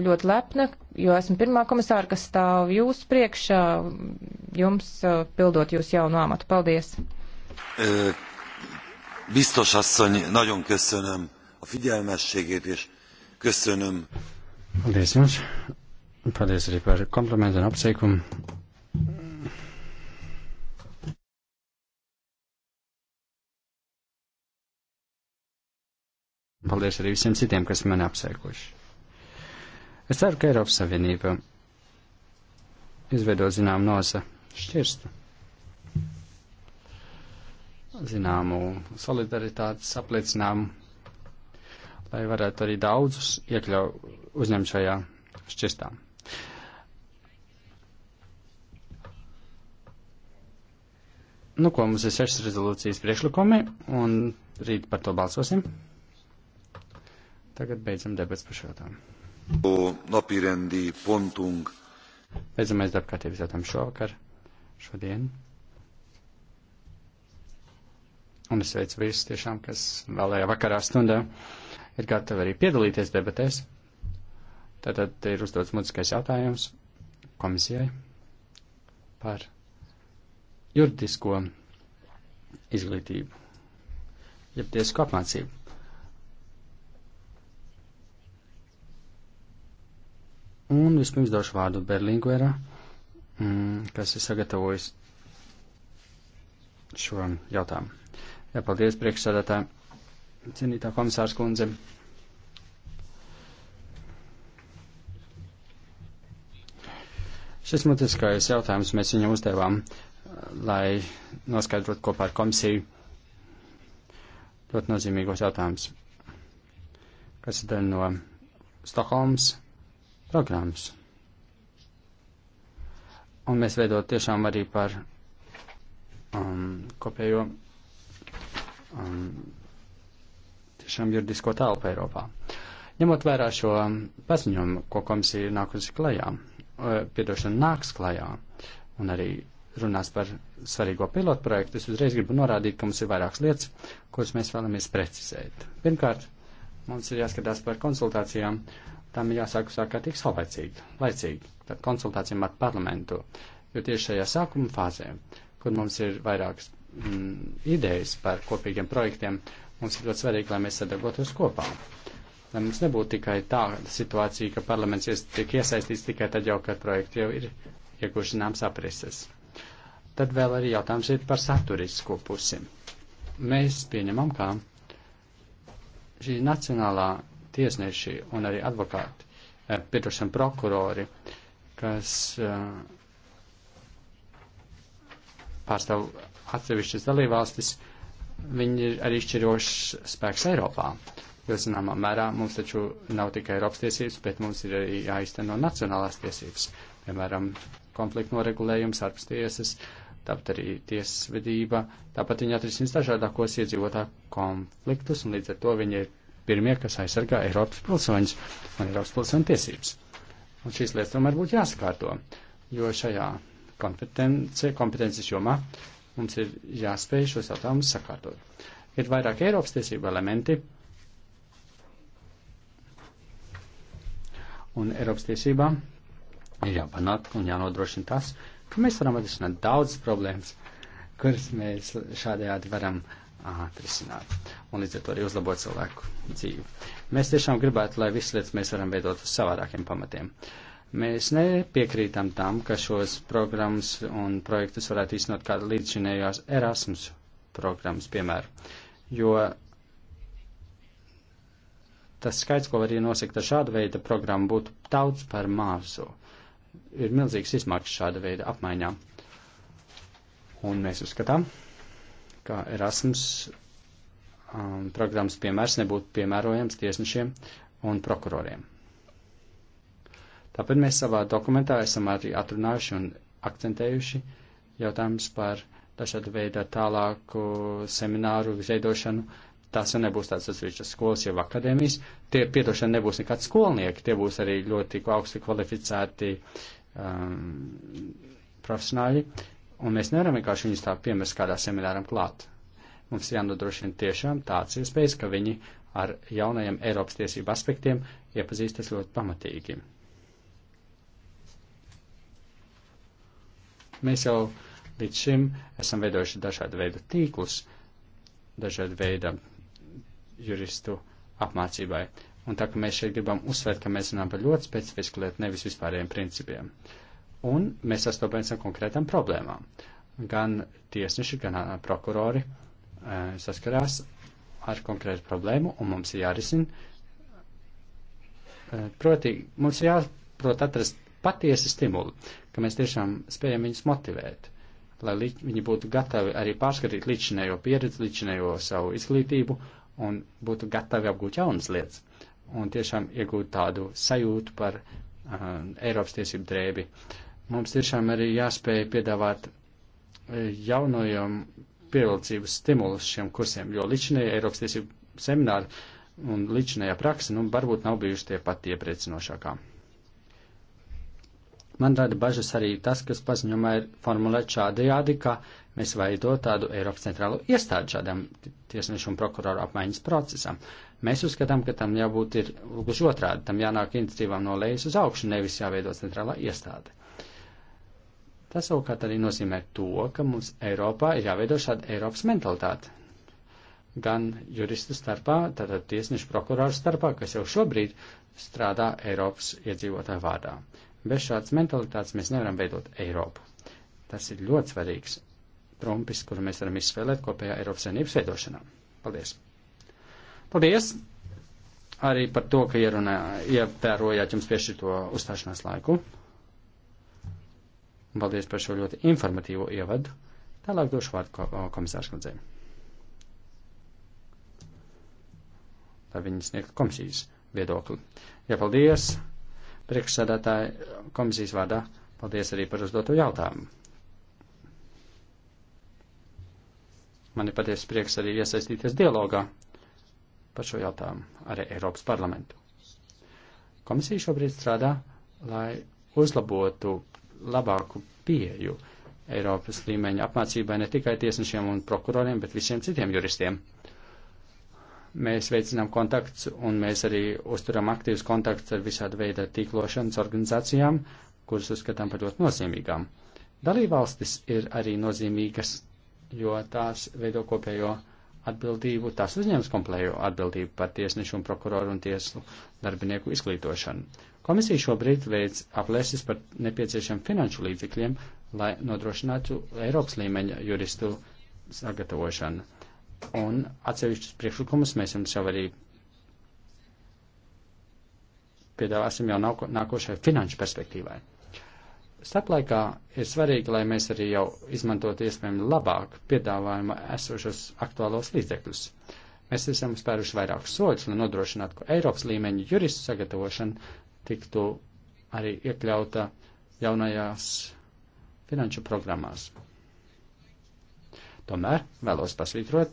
ļoti lepna, jo esmu pirmā komisāra, kas stāv jūsu priekšā, jums pildot jūsu jaunu amatu. Paldies! Biztos asszony, nagyon köszönöm a figyelmességét, és köszönöm. Paldies jums! Paldies arī par komplimentu un apsveikumu. Paldies arī visiem citiem, kas mani apsēkuši. Es ceru, ka Eiropas Savienība izveido zinām noza šķirstu, zināmu solidaritātes apliecinājumu, lai varētu arī daudzus iekļau uzņemt šajā šķirstā. Nu, ko mums ir sešas rezolūcijas priekšlikumi, un rīt par to balsosim. Tagad beidzam debats par šo jautājumu. Napirendī pontung. Beidzamais darbkārtības jautājums šovakar, šodien. Un es sveicu visus tiešām, kas vēlējā vakarā stundā ir gatavi arī piedalīties debatēs. Tātad ir uzdots mutiskais jautājums komisijai par juridisko izglītību, jeb tiesku apmācību. Un vispirms došu vārdu Berlinguera, mm, kas ir sagatavojis šo jautājumu. Jā, paldies priekšsādātā, cienītā komisārs kundze. Šis mutiskais jautājums mēs viņam uzdevām, lai noskaidrotu kopā ar komisiju ļoti nozīmīgos jautājumus, kas ir daļa no Stokholmas programmas. Un mēs veidot tiešām arī par um, kopējo um, tiešām juridisko telpu Eiropā. Ņemot vērā šo paziņojumu, ko komisija ir nākusi klajā, uh, piedošana nāks klajā un arī runās par svarīgo pilotu projektu, es uzreiz gribu norādīt, ka mums ir vairākas lietas, kuras mēs vēlamies precizēt. Pirmkārt, mums ir jāskatās par konsultācijām. Uh, tam ir jāsāk sākotīgi saulaicīgi, laicīgi, tad konsultācijām ar parlamentu, jo tieši šajā sākuma fāzē, kur mums ir vairākas mm, idejas par kopīgiem projektiem, mums ir ļoti svarīgi, lai mēs sadarbotos kopā. Lai mums nebūtu tikai tā situācija, ka parlaments tiek iesaistīts tikai tad jau, kad projekti jau ir ieguši zināms aprises. Tad vēl arī jautājums ir par saturisko pusi. Mēs pieņemam, ka šī nacionālā tiesneši un arī advokāti, eh, pietošana prokurori, kas eh, pārstāv atsevišķas dalībvalstis, viņi ir arī šķirošs spēks Eiropā. Jo, zināmā mērā, mums taču nav tikai Eiropas tiesības, bet mums ir arī jāizteno nacionālās tiesības. Piemēram, konfliktu noregulējums, ārpus tiesas, tāpat arī tiesvedība. Tāpat viņi atrisinās dažādākos iedzīvotāju konfliktus, un līdz ar to viņi ir pirmie, kas aizsargā Eiropas pilsoņus un Eiropas pilsoņu tiesības. Un šīs lietas tomēr būtu jāsakārto, jo šajā kompetence, kompetences jomā mums ir jāspēj šos jautājumus sakārtot. Ir vairāk Eiropas tiesību elementi, un Eiropas tiesībām ir jāpanāk un jānodrošina tas, ka mēs varam atrisināt daudzas problēmas, kuras mēs šādējādi varam atrisināt un līdz ar to arī uzlabot cilvēku dzīvi. Mēs tiešām gribētu, lai visas lietas mēs varam veidot uz savādākiem pamatiem. Mēs nepiekrītam tam, ka šos programmas un projektus varētu īstenot kāda līdzšinējās Erasmus programmas, piemēram, jo tas skaits, ko var ienosekt ar šādu veidu programmu, būtu daudz par mazu. Ir milzīgs izmaksas šāda veida apmaiņā. Un mēs uzskatām, ka Erasmus um, programmas piemērs nebūtu piemērojams tiesnešiem un prokuroriem. Tāpēc mēs savā dokumentā esam arī atrunājuši un akcentējuši jautājumus par dažādu veidu tālāku semināru veidošanu. Tas jau nebūs tāds atsevišķas skolas jau akadēmijas. Tie, piedošana, nebūs nekāds skolnieki, tie būs arī ļoti augsti kvalificēti um, profesionāļi. Un mēs nevaram vienkārši viņus tā piemērst kādā semināram klāt. Mums jānodrošina tiešām tāds iespējas, ka viņi ar jaunajiem Eiropas tiesību aspektiem iepazīstas ļoti pamatīgi. Mēs jau līdz šim esam veidojuši dažādu veidu tīklus, dažādu veidu juristu apmācībai. Un tā kā mēs šeit gribam uzsvērt, ka mēs runājam par ļoti specifisku lietu, nevis vispārējiem principiem. Un mēs sastopamies ar konkrētām problēmām. Gan tiesneši, gan prokurori saskarās ar konkrētu problēmu un mums ir jārisina. Proti, mums ir jāprot atrast patiesi stimulu, ka mēs tiešām spējam viņus motivēt, lai viņi būtu gatavi arī pārskatīt līdzinējo pieredzi, līdzinējo savu izglītību un būtu gatavi apgūt jaunas lietas un tiešām iegūt tādu sajūtu par uh, Eiropas tiesību drēbi. Mums tiešām arī jāspēj piedāvāt jaunajam pievilcības stimulus šiem kursiem, jo līdšanēja Eiropas tiesību semināri un līdšanējā praksa, nu, varbūt nav bijuši tie pati iepriecinošākā. Man rada bažas arī tas, kas paziņojumā ir formulēts šādajādi, ka mēs veidot tādu Eiropas centrālu iestādi šādam tiesnešu un prokuroru apmaiņas procesam. Mēs uzskatām, ka tam jābūt ir gluži otrādi, tam jānāk iniciatīvām no lejas uz augšu, nevis jāveido centrālā iestāde. Uh, Tas savukārt arī nozīmē to, ka mums Eiropā ir jāveido šāda Eiropas mentalitāte. Gan juristu starpā, tātad tiesnešu prokuroru starpā, kas jau šobrīd strādā Eiropas iedzīvotāju vārdā. Bez šādas mentalitātes mēs nevaram veidot Eiropu. Tas ir ļoti svarīgs trumpis, kuru mēs varam izspēlēt kopējā Eiropas saimnības veidošanā. Paldies! Paldies! Arī par to, ka ierunā, ievērojāt jums piešķirto uzstāšanās laiku. Paldies par šo ļoti informatīvo ievadu. Tālāk došu vārdu komisārs kundzei. Lai viņi sniegtu komisijas viedokli. Jā, paldies priekšsēdētāji komisijas vārdā. Paldies arī par uzdoto jautājumu. Man ir patiesi prieks arī iesaistīties dialogā par šo jautājumu ar Eiropas parlamentu. Komisija šobrīd strādā, lai uzlabotu labāku pieju Eiropas līmeņa apmācībai ne tikai tiesnešiem un prokuroriem, bet visiem citiem juristiem. Mēs veicinām kontakts un mēs arī uzturam aktīvus kontakts ar visāda veida tīklošanas organizācijām, kuras uzskatām par ļoti nozīmīgām. Dalībvalstis ir arī nozīmīgas, jo tās veido kopējo atbildību, tās uzņems komplējo atbildību par tiesnešu un prokuroru un tiesu darbinieku izglītošanu. Komisija šobrīd veids aplēsis par nepieciešamiem finanšu līdzekļiem, lai nodrošinātu Eiropas līmeņa juristu sagatavošanu. Un atsevišķus priekšlikumus mēs jums jau arī piedāvāsim jau nāko, nākošai finanšu perspektīvai. Staplaikā ir svarīgi, lai mēs arī jau izmantotu iespējami labāk piedāvājuma esošos aktuālos līdzekļus. Mēs esam spēruši vairākus soļus, lai nodrošinātu, ka Eiropas līmeņa juristu sagatavošana tiktu arī iekļauta jaunajās finanšu programmās. Tomēr vēlos pasvītrot,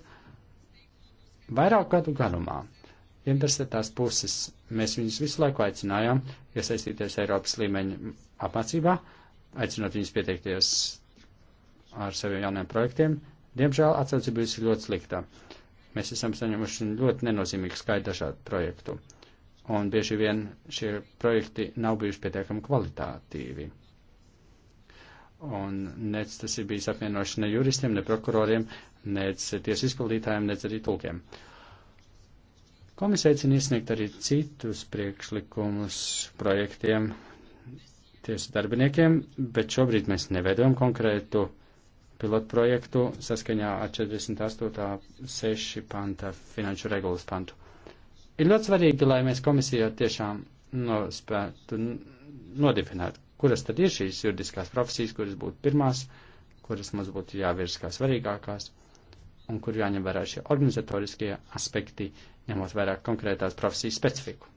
vairāk gadu garumā interesētās puses mēs viņus visu laiku aicinājām iesaistīties Eiropas līmeņa apmācībā, aicinot viņus pieteikties ar saviem jauniem projektiem. Diemžēl atsauce bijusi ļoti slikta. Mēs esam saņemuši ļoti nenozīmīgu skaitu dažādu projektu. Uh, un bieži vien šie projekti nav bijuši pietiekami kvalitātīvi. Un nec tas ir bijis apvienoši ne juristiem, ne prokuroriem, nec tiesu izpildītājiem, nec arī tulkiem. Komisija aicina iesniegt arī citus priekšlikumus projektiem tiesu darbiniekiem, bet šobrīd mēs nevedam konkrētu pilotprojektu saskaņā ar 48.6. panta finanšu regulas pantu. Ir ļoti svarīgi, lai mēs komisijā tiešām nospētu nodefinēt, kuras tad ir šīs juridiskās profesijas, kuras būtu pirmās, kuras mums būtu jāvirs kā svarīgākās, un kur jāņem vērā šie organizatoriskie aspekti, ņemot vērā konkrētās profesijas specifiku.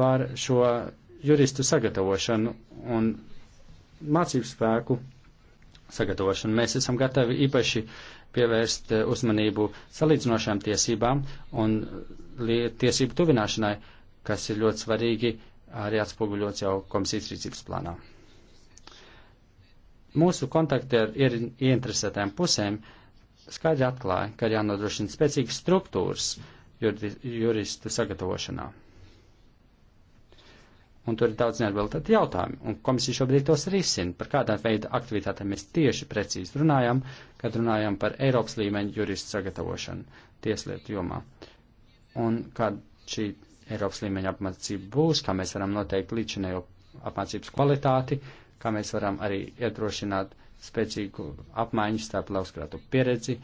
Par šo juristu sagatavošanu un mācību spēku sagatavošanu mēs esam gatavi īpaši pievērst eh, uzmanību salīdzinošām tiesībām un tiesību tuvināšanai, kas ir ļoti svarīgi arī atspoguļots jau komisijas rīcības plānā. Mūsu kontakti ar ieinteresētām pusēm skaidri atklāja, ka jānodrošina spēcīgas struktūras juristu sagatavošanā un tur ir daudz neatbildētu jautājumu, un komisija šobrīd tos risina, par kādā veida aktivitātēm mēs tieši precīzi runājam, kad runājam par Eiropas līmeņa juristu sagatavošanu tieslietu jomā. Un kāda šī Eiropas līmeņa apmācība būs, kā mēs varam noteikt līdzinējo apmācības kvalitāti, kā mēs varam arī iedrošināt spēcīgu apmaiņu starp lauskrātu pieredzi,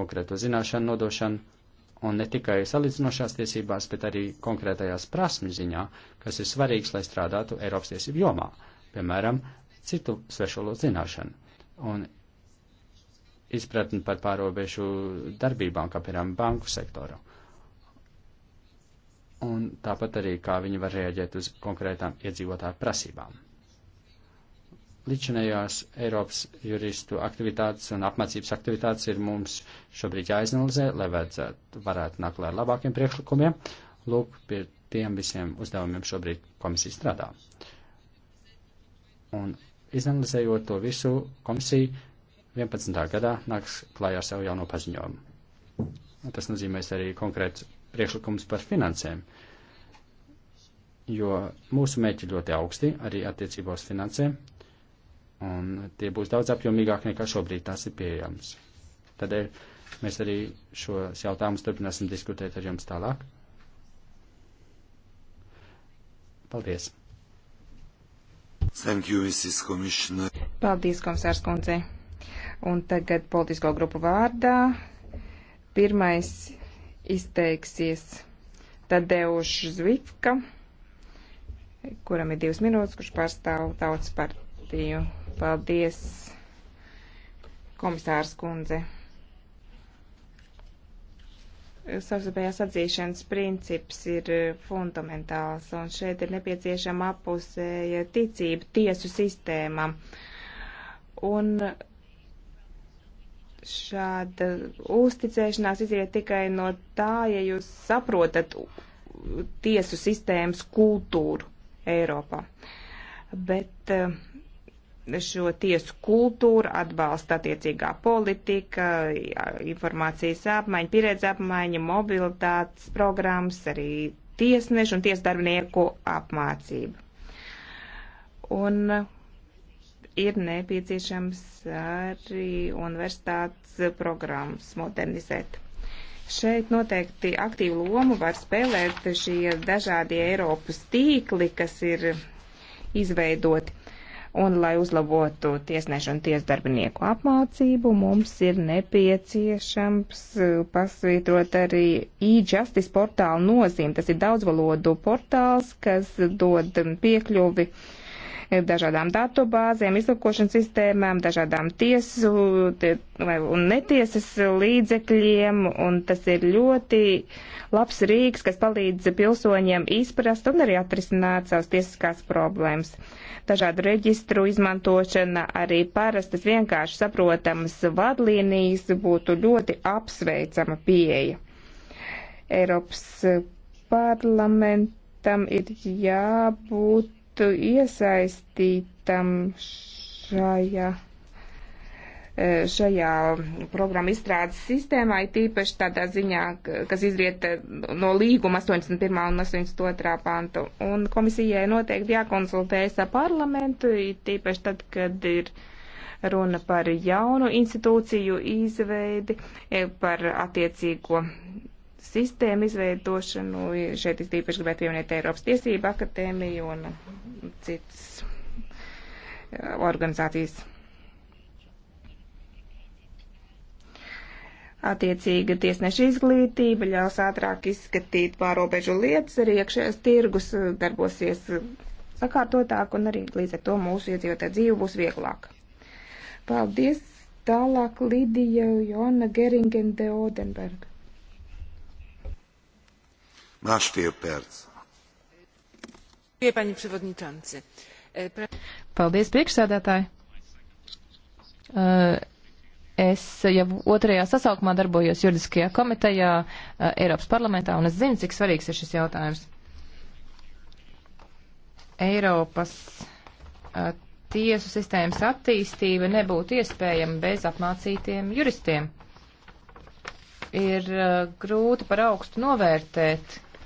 konkrēto zināšanu nodošanu un ne tikai salīdzinošās tiesībās, bet arī konkrētajās prasmi ziņā, kas ir svarīgs, lai strādātu Eiropas tiesību jomā, piemēram, citu svešvalodu zināšanu un izpratni par pārobežu darbībām, kā piemēram banku sektoru. Un tāpat arī, kā viņi var reaģēt uz konkrētām iedzīvotāju prasībām. Līdzinējās Eiropas juristu aktivitātes un apmācības aktivitātes ir mums šobrīd jāizanalizē, lai vajadzētu, varētu nākt ar labākiem priekšlikumiem. Lūk, pie tiem visiem uzdevumiem šobrīd komisija strādā. Un izanalizējot to visu, komisija 11. gadā nāks klājā ar savu jauno paziņojumu. Tas nozīmēs arī konkrēts priekšlikums par finansēm, jo mūsu mērķi ļoti augsti arī attiecībos finansēm, un tie būs daudz apjomīgāk nekā šobrīd tās ir pieejams. Tādēļ mēs arī šos jautājumus turpināsim diskutēt ar jums tālāk. Paldies! Thank you, Mrs. Commissioner. Paldies, komisārs kundze. Un tagad politisko grupu vārdā. Pirmais izteiksies Tadeuš Zvifka, kuram ir divas minūtes, kurš pārstāv tautas partiju debatiju. Paldies, komisārs kundze. Savstarpējās atzīšanas princips ir fundamentāls, un šeit ir nepieciešama apusēja ticība tiesu sistēmām. Un šāda uzticēšanās iziet tikai no tā, ja jūs saprotat tiesu sistēmas kultūru Eiropā. Bet šo tiesu kultūru atbalsta attiecīgā politika, informācijas apmaiņa, pieredze apmaiņa, mobilitātes programmas, arī tiesnešu un tiesdarbinieku apmācība. Un ir nepieciešams arī universitātes programmas modernizēt. Šeit noteikti aktīvu lomu var spēlēt šie dažādie Eiropas tīkli, kas ir izveidoti Un, lai uzlabotu tiesnešu un tiesdarbinieku apmācību, mums ir nepieciešams eh, pasvītrot arī e-justice portālu nozīmi. Tas ir daudzvalodu portāls, kas dod mm, piekļuvi uh, dažādām datubāzēm, izlūkošanas sistēmām, dažādām tiesu un netiesas līdzekļiem, un tas ir ļoti labs rīks, kas palīdz pilsoņiem izprast un arī atrisināt savas tiesiskās problēmas. Dažādu reģistru izmantošana, arī parastas vienkārši saprotamas vadlīnijas būtu ļoti apsveicama pieeja. Eiropas parlamentam ir jābūt tiktu iesaistītam šajā e, šajā programmu izstrādes sistēmā, ir tīpaši tādā ziņā, kas izriet no līguma 81. un 82. pantu. Un komisijai noteikti jākonsultējas ar parlamentu, tīpaši tad, kad ir runa par jaunu institūciju izveidi, e, par attiecīgo sistēmu izveidošanu. Šeit es īpaši gribētu pieminēt Eiropas Tiesību akadēmiju un citas eh, organizācijas. Attiecīga tiesneša izglītība ļaus ātrāk izskatīt pārobežu lietas, arī iekšējais tirgus eh, darbosies sakārtotāk un arī līdz ar to mūsu iedzīvotāju dzīve būs vieglāka. Paldies! Tālāk Lidija Joana Geringen de Odenberga. E, Paldies, priekšsēdētāji! E, es jau otrajā sasaukumā darbojos juridiskajā komitejā e, Eiropas parlamentā, un es zinu, cik svarīgs ir šis jautājums. Eiropas tiesu sistēmas attīstība nebūtu iespējama bez apmācītiem juristiem. Ir grūti par augstu novērtēt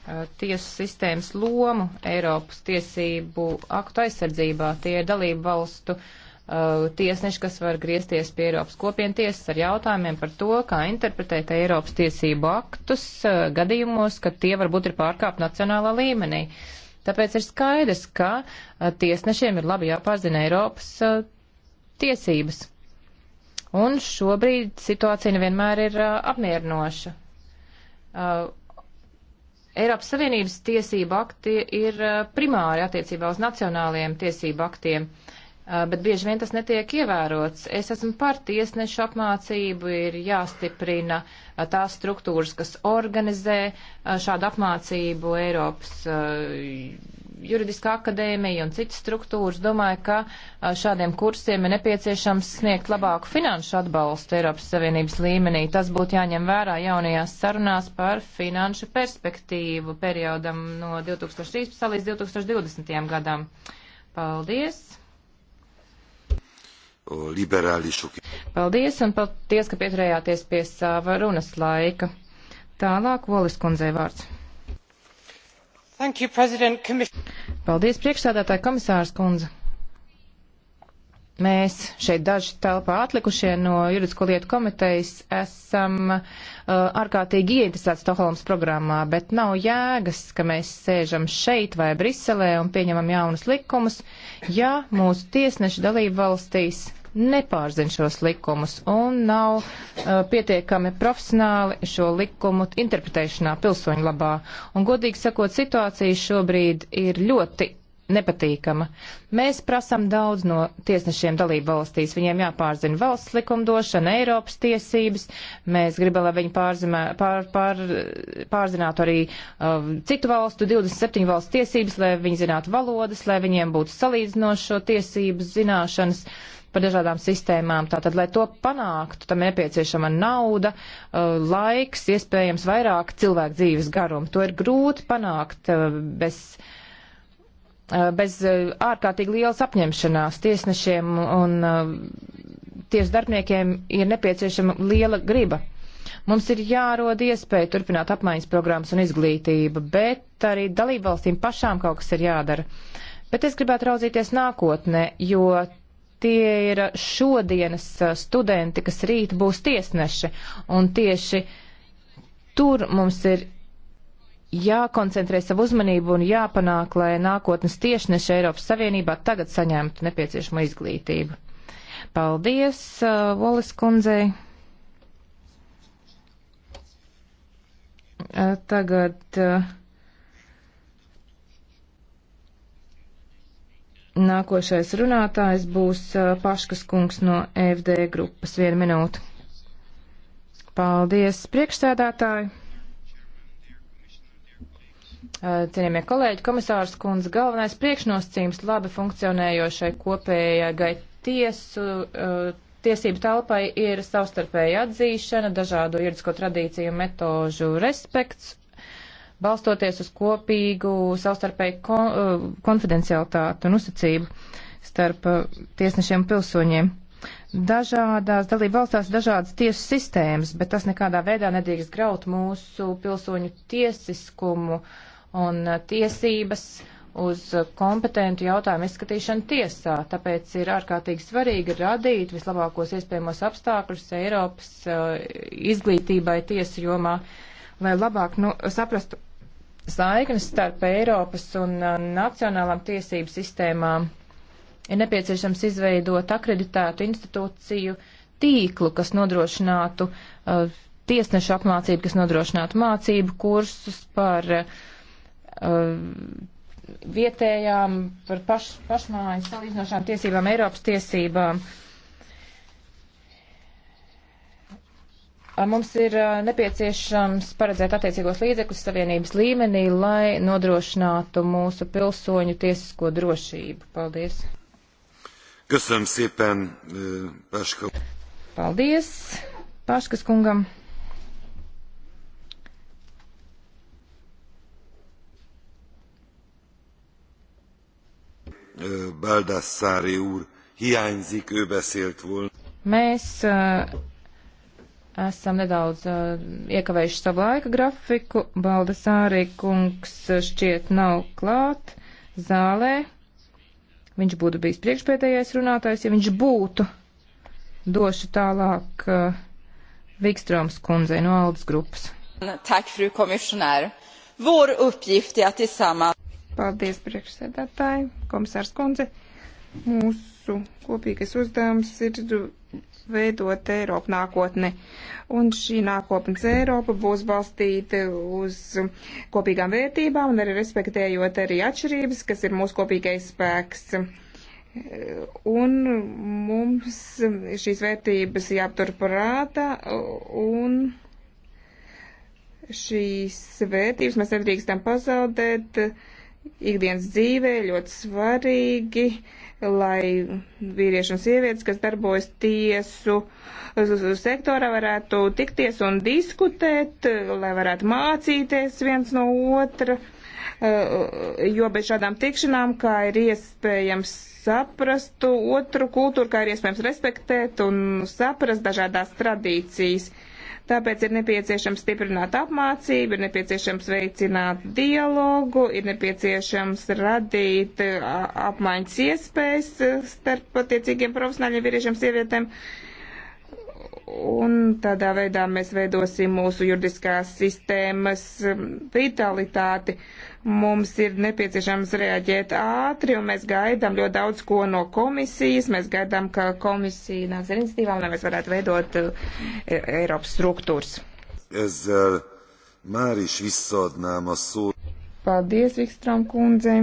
Uh, tiesu sistēmas lomu Eiropas tiesību aktu aizsardzībā. Tie ir dalību valstu uh, tiesneši, kas var griezties pie Eiropas kopienu tiesas ar jautājumiem par to, kā interpretēt Eiropas tiesību aktus uh, gadījumos, kad tie varbūt ir pārkāpt nacionālā līmenī. Tāpēc ir skaidrs, ka uh, tiesnešiem ir labi jāpārzina Eiropas uh, tiesības. Un šobrīd situācija nevienmēr ir uh, apmierinoša. Uh, Eiropas Savienības tiesību akti ir eh, primāri attiecībā uz nacionālajiem tiesību aktiem. Uh, Uh, bet bieži vien tas netiek ievērots. Es esmu par tiesnešu apmācību, ir jāstiprina uh, tās struktūras, kas organizē uh, šādu apmācību Eiropas juridiskā akadēmija un citas struktūras. Domāju, ka šādiem kursiem ir nepieciešams sniegt labāku finanšu atbalstu Eiropas Savienības līmenī. Tas būtu jāņem vērā jaunajās sarunās par finanšu perspektīvu periodam no 2013. līdz 2020. gadam. Paldies! liberālišu. Paldies un paldies, ka pieturējāties pie sava runas laika. Tālāk Volis kundzei vārds. Thank you, Paldies, priekšsādātāja komisārs kundze. Mēs šeit daži telpā atlikušie no juridisko lietu komitejas esam uh, ārkārtīgi ieinteresēti Stokholmas programmā, bet nav jēgas, ka mēs sēžam šeit vai Briselē un pieņemam jaunus likumus, ja mūsu tiesneši dalību valstīs nepārzina šos likumus un nav uh, pietiekami profesionāli šo likumu interpretēšanā pilsoņu labā. Un, godīgi sakot, situācija šobrīd ir ļoti nepatīkama. Mēs prasam daudz no tiesnešiem dalību valstīs. Viņiem jāpārzina valsts likumdošana, Eiropas tiesības. Mēs gribam, lai viņi pārzimē, pār, pār, pārzinātu arī uh, citu valstu, 27 valstu tiesības, lai viņi zinātu valodas, lai viņiem būtu salīdzinošo tiesības zināšanas. Uh, par dažādām sistēmām. Tātad, lai to panāktu, tam nepieciešama nauda, uh, laiks, iespējams vairāk cilvēku dzīves garuma. To ir grūti panākt uh, bez uh, bez ārkārtīgi lielas apņemšanās tiesnešiem un tiesu darbniekiem ir nepieciešama liela griba. Mums ir jārod iespēja turpināt apmaiņas programmas un izglītību, bet arī dalībvalstīm pašām kaut kas ir jādara. Bet es gribētu raudzīties nākotnē, jo tie ir šodienas studenti, kas rīt būs tiesneši. Un tieši tur mums ir jākoncentrē savu uzmanību un jāpanāk, lai nākotnes tiešneši Eiropas Savienībā tagad saņemtu nepieciešamo izglītību. Paldies, uh, Volis kundzei. Uh, tagad. Uh, Nākošais runātājs būs Paškas kungs no FD grupas. Vienu minūtu. Paldies, priekšsēdētāji! Cienījamie kolēģi, komisārs kundze, galvenais priekšnosacījums labi funkcionējošai kopējai tiesu tiesību telpai ir savstarpēja atzīšana, dažādu juridisko tradīciju metožu respekts balstoties uz kopīgu savstarpēju kon, uh, konfidencialitātu un uzticību starp uh, tiesnešiem un pilsoņiem. Dažādās dalība valstās dažādas tiesu sistēmas, bet tas nekādā veidā nedrīkst graut mūsu pilsoņu tiesiskumu un uh, tiesības uz uh, kompetentu jautājumu izskatīšanu tiesā. Tāpēc ir ārkārtīgi svarīgi radīt vislabākos iespējamos apstākļus Eiropas uh, izglītībai tiesu jomā, lai labāk nu, saprastu saiknes starp Eiropas un uh, nacionālām tiesību sistēmām ir nepieciešams izveidot akreditētu institūciju tīklu, kas nodrošinātu uh, tiesnešu apmācību, kas nodrošinātu mācību kursus par uh, vietējām, par paš, pašmājas salīdzinošām tiesībām, Eiropas tiesībām. Uh, Mums ir nepieciešams paredzēt attiecīgos līdzekļus savienības līmenī, lai nodrošinātu mūsu pilsoņu tiesisko drošību. Paldies! Köszönöm szépen, Páska. Paldies, Páskas kungam. Baldassari úr hiányzik, ő beszélt volna. Mēs uh, Esam nedaudz uh, iekavējuši savu laika grafiku. Baldasārī kungs eh, šķiet nav klāt zālē. Viņš būtu bijis priekšpēdējais runātājs, ja viņš būtu. Došu tālāk uh, Vikstroms kundzei no Aldas grupas. Tak, fru komisionēru. Vår uppgift är att tillsammans... Paldies, priekšsēdētāji, komisārs kundze. Mūsu kopīgais uzdevums ir veidot Eiropu nākotni. Un šī nākotnes Eiropa būs balstīta uz kopīgām vērtībām un arī respektējot arī atšķirības, kas ir mūsu kopīgais spēks. Un mums šīs vērtības jāaptur prātā un šīs vērtības mēs nedrīkstam pazaudēt. Uh, ikdienas dzīvē ļoti svarīgi, lai vīrieši un sievietes, kas darbojas tiesu sektorā, varētu tikties un diskutēt, lai varētu mācīties viens no otra, eh, jo bez šādām tikšanām, kā ir iespējams saprast otru kultūru, kā ir iespējams respektēt un saprast dažādās tradīcijas Tāpēc ir nepieciešams stiprināt apmācību, ir nepieciešams veicināt dialogu, ir nepieciešams radīt apmaiņas iespējas uh, starp attiecīgiem profesionāļiem vīriešiem sievietēm. Uh, Un tādā veidā mēs veidosim mūsu juridiskās sistēmas vitalitāti. Mums ir nepieciešams reaģēt ātri, un mēs gaidām ļoti daudz ko no komisijas. Mēs gaidām, ka komisija nāks ar iniciatīvām, lai mēs varētu veidot uh, e, Eiropas struktūras. Es uh, már is visszaadnám a szót. Paldies, Vikstrom kundze.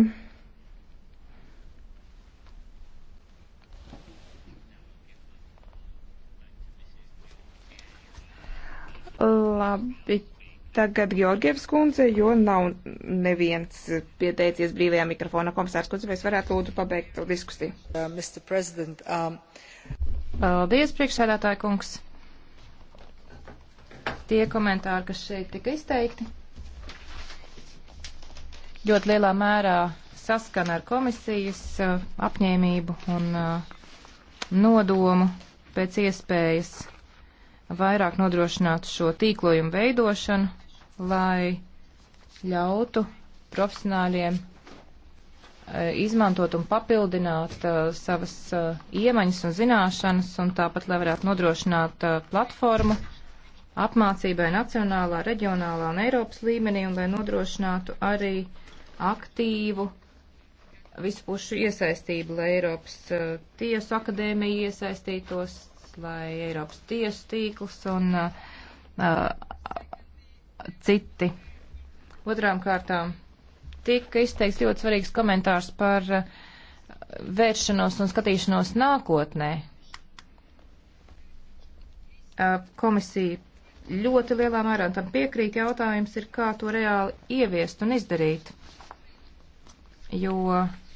Labi, tagad Georgievs kundze, jo nav neviens pieteicies brīvajā mikrofona komisārs kundze, vai es varētu lūdzu pabeigt diskusiju. Uh, um... Paldies, priekšsēdētāja kungs. Tie komentāri, kas šeit tika izteikti, ļoti lielā mērā saskana ar komisijas uh, apņēmību un uh, nodomu pēc iespējas vairāk nodrošinātu šo tīklojumu veidošanu, lai ļautu profesionāļiem e, izmantot un papildināt uh, savas uh, iemaņas un zināšanas, un tāpat, lai varētu nodrošināt uh, platformu apmācībai nacionālā, reģionālā un Eiropas līmenī, un lai nodrošinātu arī aktīvu vispušu iesaistību, lai Eiropas tiesu akadēmija iesaistītos, vai Eiropas tiesu tīkls un uh, uh, citi. Otrām kārtām tika izteikts ļoti svarīgs komentārs par uh, vēršanos un skatīšanos nākotnē. Uh, komisija ļoti lielā mērā tam piekrīt. Jautājums ir, kā to reāli ieviest un izdarīt. Jo uh,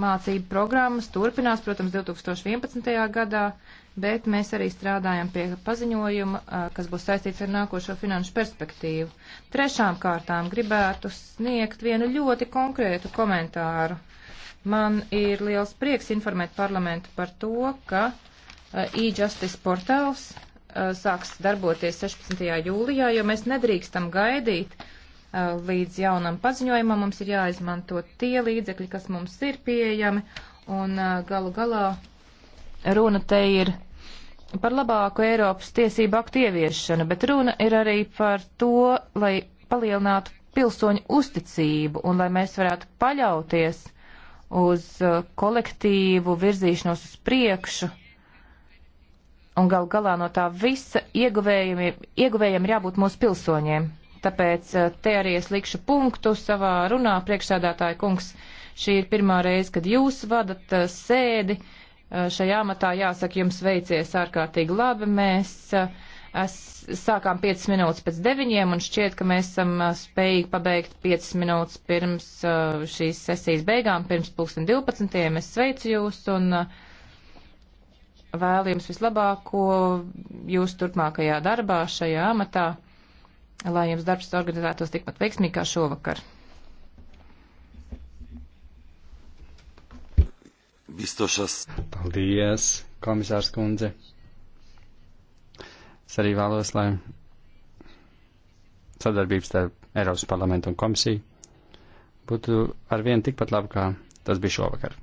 mācību programmas turpinās, protams, 2011. gadā, bet mēs arī strādājam pie paziņojuma, kas būs saistīts ar nākošo finanšu perspektīvu. Trešām kārtām gribētu sniegt vienu ļoti konkrētu komentāru. Man ir liels prieks informēt parlamentu par to, ka e-justice portāls sāks darboties 16. jūlijā, jo mēs nedrīkstam gaidīt, uh, līdz jaunam paziņojumam mums ir jāizmanto tie līdzekļi, kas mums ir pieejami, un galu galā runa te ir par labāku Eiropas tiesību aktu ieviešanu, bet runa ir arī par to, lai palielinātu pilsoņu uzticību un lai mēs varētu paļauties uz kolektīvu virzīšanos uz priekšu. Un gal galā no tā visa ieguvējiem, ieguvējiem ir jābūt mūsu pilsoņiem tāpēc eh, te arī es likšu punktu savā runā, priekšsēdētāja kungs. Šī ir pirmā reize, kad jūs vadat eh, sēdi eh, šajā amatā. Jāsaka, jums veicies ārkārtīgi labi. Mēs es, sākām 5 minūtes pēc 9 un šķiet, ka mēs esam spējīgi pabeigt 5 minūtes pirms šīs sesijas beigām, pirms 2012. Es sveicu jūs un vēlu jums vislabāko jūsu turpmākajā darbā šajā amatā lai jums darbs organizētos tikpat veiksmīgi kā šovakar. Bistošas. Paldies, komisārs kundze. Es arī vēlos, lai sadarbības starp Eiropas parlamentu un komisiju būtu arvien tikpat laba, kā tas bija šovakar.